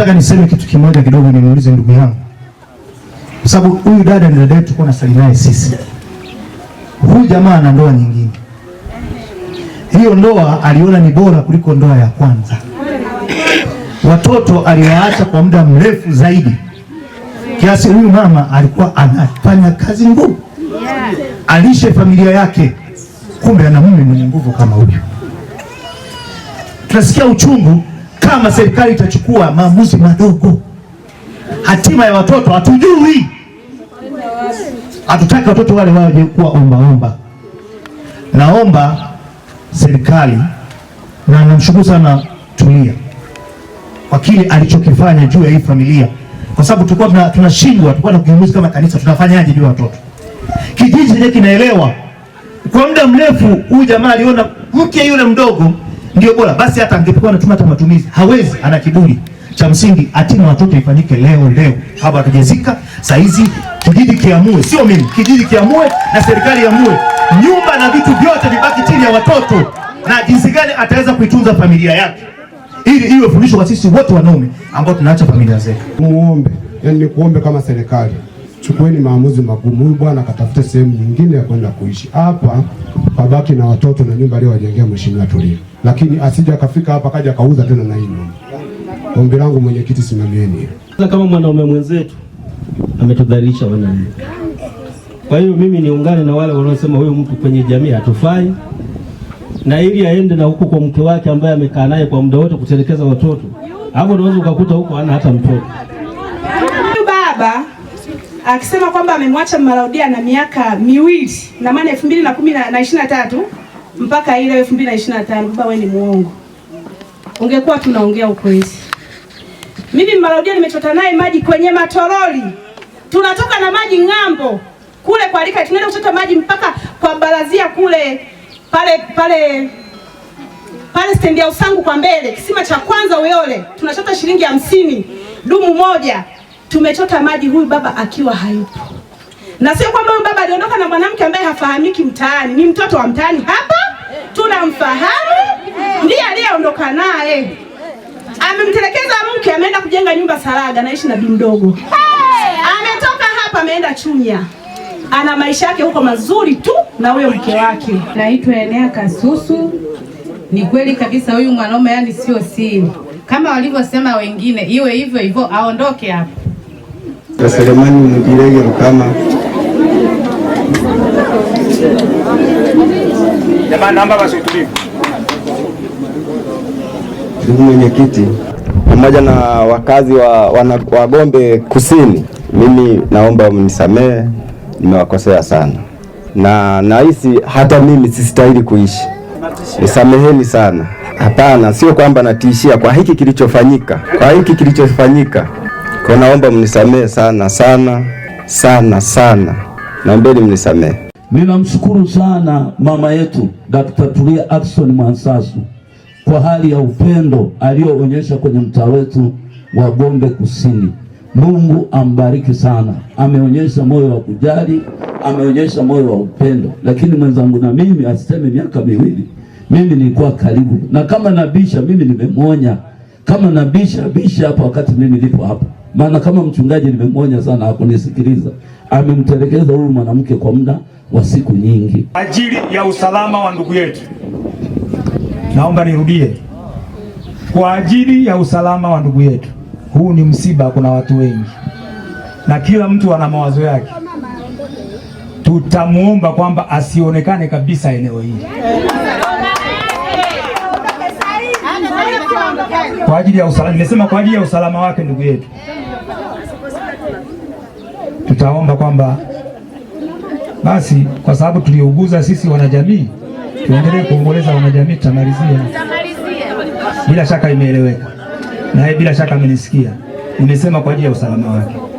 Nataka niseme kitu kimoja kidogo, nimuulize ndugu yangu, kwa sababu huyu dada ni dada yetu, sali naye sisi. Huyu jamaa ana ndoa nyingine, hiyo ndoa aliona ni bora kuliko ndoa ya kwanza. Watoto aliwaacha kwa muda mrefu zaidi, kiasi huyu mama alikuwa anafanya kazi ngumu alishe familia yake, kumbe ana mume mwenye nguvu kama huyu. Tunasikia uchungu kama serikali itachukua maamuzi madogo, hatima ya watoto hatujui. Hatutaki watoto wale waje kuwa ombaomba. Naomba serikali na namshukuru sana Tulia kwa kile alichokifanya juu ya hii familia, kwa sababu tulikuwa tunashindwa, tulikuwa kiongozi kama kanisa tunafanyaje juu ya watoto. Kijiji kinaelewa kwa muda mrefu, huyu jamaa aliona mke yule mdogo ndio bora basi, hata angepokuwa anatuma hata matumizi hawezi, ana kiburi cha msingi. Atina watoto ifanyike leo leo, haba hatujazika saa hizi. Kijiji kiamue, sio mimi, kijiji kiamue na serikali iamue, nyumba na vitu vyote vibaki chini ya watoto, na jinsi gani ataweza kuitunza familia yake, ili iwe fundisho kwa sisi wote wanaume ambao tunaacha familia zetu. Muombe, yani ni kuombe kama serikali Chukueni maamuzi magumu. Huyu bwana akatafute sehemu nyingine ya kwenda kuishi, hapa babaki na watoto na nyumba aliyowajengea mheshimiwa Tulia lakini asija akafika hapa kaja akauza tena na hilo. Ombi langu mwenyekiti, simamieni. Kama mwanaume mwenzetu ametudhalilisha wanaume, kwa hiyo mimi niungane na wale wanaosema huyu mtu kwenye jamii hatufai, na ili aende na huko kwa mke wake ambaye amekaa naye kwa muda wote kutelekeza watoto hapo, unaweza ukakuta huko ana hata mtoto. Baba akisema kwamba amemwacha Maraudia na miaka miwili na maana elfu mbili na kumi na ishirini na tatu mpaka ile 2025 Baba, wewe ni muongo, ungekuwa tunaongea ukweli. Mimi Mmarudia nimechota naye maji kwenye matoroli, tunatoka na maji ng'ambo kule kwa Lika, tunaenda kuchota maji mpaka kwa barazia kule pale pale pale stendi ya Usangu kwa mbele, kisima cha kwanza Uyole, tunachota shilingi hamsini dumu moja. Tumechota maji huyu baba akiwa hayupo, na sio kwamba huyu baba aliondoka na mwanamke ambaye hafahamiki mtaani, ni mtoto wa mtaani hapa tunamfahamu, ndiye aliyeondoka naye, amemtelekeza mke, ameenda kujenga nyumba Saraga, naishi na bibi mdogo. Ametoka hapa ameenda Chunya, ana maisha yake huko mazuri tu na huyo mke wake. Naitwa Enea Kasusu. Ni kweli kabisa, huyu mwanaume yani sio siri kama walivyosema wengine, iwe hivyo hivyo, aondoke hapa. Selemani Mgirege Rukama. Ndugu mwenyekiti, pamoja na wakazi wa, wana, Wagombe Kusini, mimi naomba mnisamehe, nimewakosea sana na nahisi hata mimi sistahili kuishi, nisameheni sana. Hapana, sio kwamba natishia, kwa hiki kilichofanyika, kwa hiki kilichofanyika, kwa naomba mnisamehe sana sana sana sana, naombeni mnisamehe. Ninamshukuru sana mama yetu Dr. Tulia Ackson Mwansasu kwa hali ya upendo aliyoonyesha kwenye mtaa wetu wa Gombe Kusini. Mungu ambariki sana, ameonyesha moyo wa kujali, ameonyesha moyo wa upendo. Lakini mwenzangu na mimi asiseme miaka miwili, mimi nilikuwa karibu, na kama nabisha mimi nimemwonya, kama nabisha bisha hapa wakati mimi nilipo hapa, maana kama mchungaji nimemwonya sana, hakunisikiliza. Amemtelekeza huyu mwanamke kwa muda wa siku nyingi ajili ya usalama wa ndugu yetu. Naomba nirudie, kwa ajili ya usalama wa ndugu yetu. Huu ni msiba, kuna watu wengi na kila mtu ana mawazo yake. Tutamwomba kwamba asionekane kabisa eneo hili kwa ajili ya usalama. Nimesema kwa ajili ya usalama wake ndugu yetu, tutaomba kwamba basi kwa sababu tuliuguza sisi wanajamii, tuendelee kuomboleza wanajamii, tutamalizia. Bila shaka imeeleweka, naye bila shaka amenisikia, nimesema kwa ajili ya usalama wake.